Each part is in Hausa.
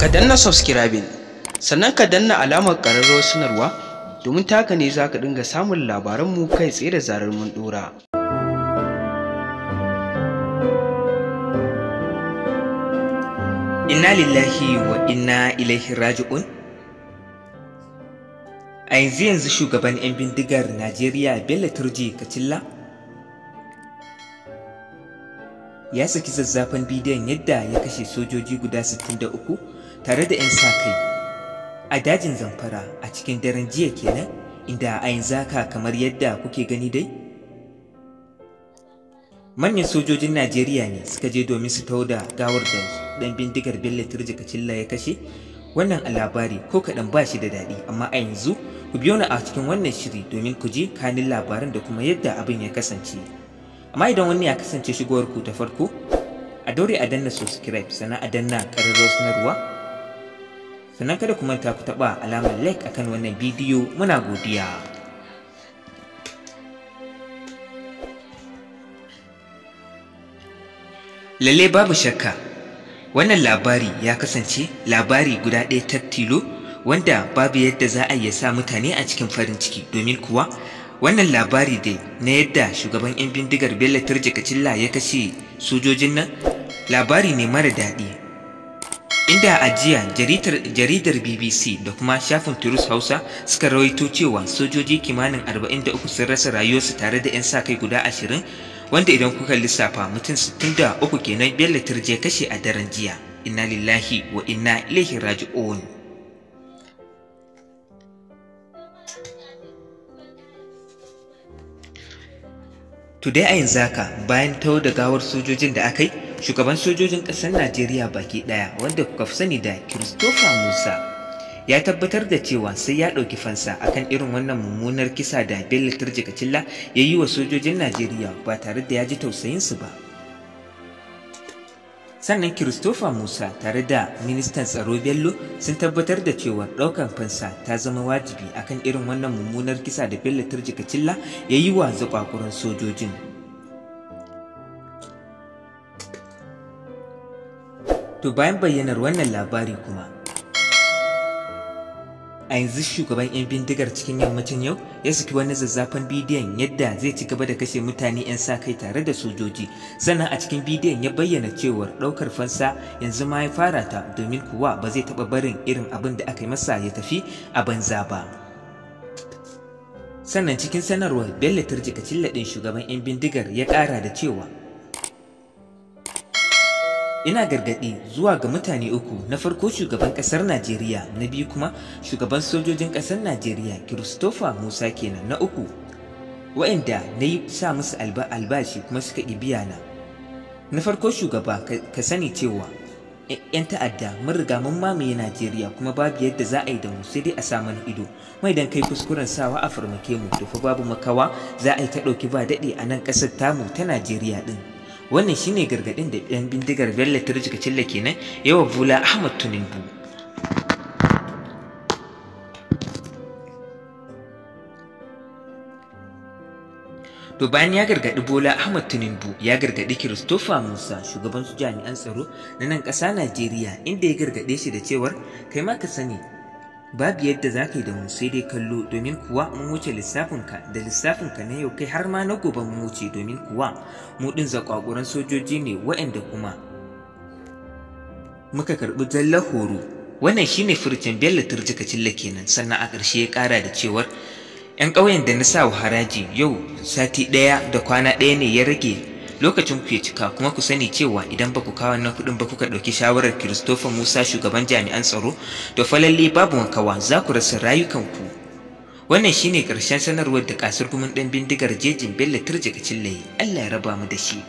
ka danna subscribing sannan ka danna alamar ƙararrawar sanarwa domin taka ne za ka dinga samun labaranmu kai tsaye da zarar mun dora. Inna lillahi wa inna ilaihi raji'un A yanzu yanzu shugaban 'yan bindigar Najeriya Bello Turji Kacilla ya saki zazzafan bidiyon yadda ya kashe sojoji guda 63 tare da 'yan sa-kai a dajin zamfara a cikin daren jiya kenan inda a yin kamar yadda kuke gani dai manyan sojojin najeriya ne suka je domin su da gawar da dan bindigar bello turjika cilla ya kashe wannan a labari ko kaɗan ba shi da daɗi amma a yanzu ku biyo ni a cikin wannan shiri domin ku je kanin labaran da kuma yadda abin ya kasance amma idan wani ya kasance shigowar ku ta farko a daure a danna subscribe sannan a danna ƙararrawar sanarwa sannan kada kuma manta ku taɓa alamar like akan wannan bidiyo muna godiya lalle babu shakka wannan labari ya kasance labari guda ɗaya ta tilo wanda babu yadda za a iya sa mutane a cikin farin ciki domin kuwa wannan labari dai na yadda shugaban 'yan bindigar bello turjikacilla ya kashe sojojin nan labari ne mara daɗi inda a jiya jaridar bbc da kuma shafin turus hausa suka rawaito cewa sojoji kimanin 43 sun rasa rayuwarsu tare da 'yan sa-kai guda 20 wanda idan kuka lissafa mutum 63 kenan bello turje kashe a daren jiya inna lillahi wa inna ilaihi raji'un Today a yanzu haka bayan tau da gawar sojojin da aka yi shugaban sojojin ƙasar najeriya baki ɗaya wanda kuka fi sani da christopher musa ya tabbatar da cewa sai ya ɗauki fansa akan irin wannan mummunar kisa da bello Kacilla ya yi wa sojojin najeriya ba tare da ya ji tausayinsu ba sannan christopher musa tare da ministan tsaro bello sun tabbatar da cewa ɗaukar fansa ta zama wajibi akan irin wannan mummunar kisa da bello Kacilla ya yi wa zakwakuran sojojin To bayan bayyanar wannan labari kuma, a yanzu shugaban 'yan bindigar cikin yammacin yau ya saki wani zazzafan bidiyon yadda zai ci gaba da kashe mutane 'yan sa kai tare da sojoji sannan a cikin bidiyon ya bayyana cewar ɗaukar fansa yanzu ma ya fara ta domin kuwa ba zai taɓa barin irin abin da aka yi masa ya tafi a banza ba sannan cikin sanarwar bello turjika ɗin shugaban 'yan bindigar ya ƙara da cewa ina gargaɗi zuwa ga mutane uku na farko shugaban ƙasar najeriya na biyu kuma shugaban sojojin ƙasar najeriya christopher musa kenan na uku wa'inda na yi sa musu albashi kuma suka ki biya na na farko shugaba ka sani cewa 'yan ta'adda mun riga mun mamaye Najeriya kuma babu yadda za a yi da mu sai dai a samu ido mai dan kai kuskuren sawa a farmake mu to fa babu makawa za a yi ta ɗauki ba daɗe a nan ƙasar tamu ta Najeriya ɗin wannan shine gargadin da yan bindigar bello turjika cilla kenan yawa bula ahmad Tunibu to bayan ya gargadi bola ahmad tinubu ya gargadi christopher musa shugaban jami'an tsaro na nan ƙasa najeriya inda ya gargade shi da cewar kai ma ka sani babu yadda za ka yi da mu sai dai kallo domin kuwa mun wuce lissafinka da lissafinka na yau kai har ma na gobe mun wuce domin kuwa mu ɗin zakwakuran sojoji ne waɗanda kuma muka karɓi zallar horo wannan shine furcin bello turjika cilla kenan sannan a ƙarshe ya ƙara da cewar 'yan ƙauyen da na sa wa haraji yau sati ɗaya da kwana ɗaya ne ya rage lokacin ku ya cika kuma ku sani cewa idan ba ku kawo na kuɗin ba kuka ɗauki shawarar Christopher Musa shugaban jami'an tsaro to falalle babu wankawa za ku rasa rayukanku wannan shine ƙarshen sanarwar da kasar gumin ɗan bindigar jejin Bello Turjika Cillaye Allah ya raba mu da shi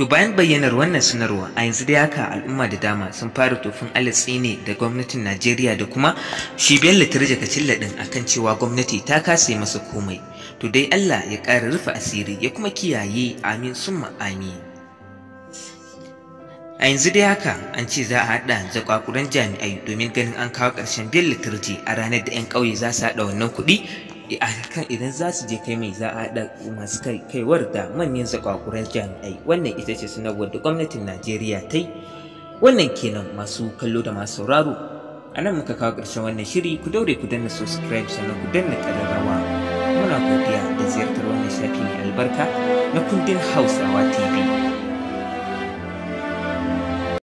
To bayan bayyanar wannan sanarwa a yanzu dai haka al'umma da dama sun fara tofin alatsi ne da gwamnatin Najeriya da kuma shi Bello Turje cilla din akan cewa gwamnati ta kasa masa komai. To dai Allah ya ƙara rufe asiri ya kuma kiyaye amin summa amin. A yanzu dai haka an ce za a haɗa zakwakuran jami'ai domin ganin an kawo ƙarshen biyan Turje a ranar da 'yan ƙauye za su haɗa wannan kuɗi kan idan za su je kai mai za a haɗa masu kaiwar da manyan zakwakuran jami'ai wannan ita ce suna da gwamnatin najeriya ta yi wannan kenan masu kallo da masu sauraro a nan muka kawo ƙarshen wannan shiri ku daure ku danna subscribe sannan ku danna ƙararrawa muna godiya da ziyartar wannan shafi mai albarka na kundin hausawa tv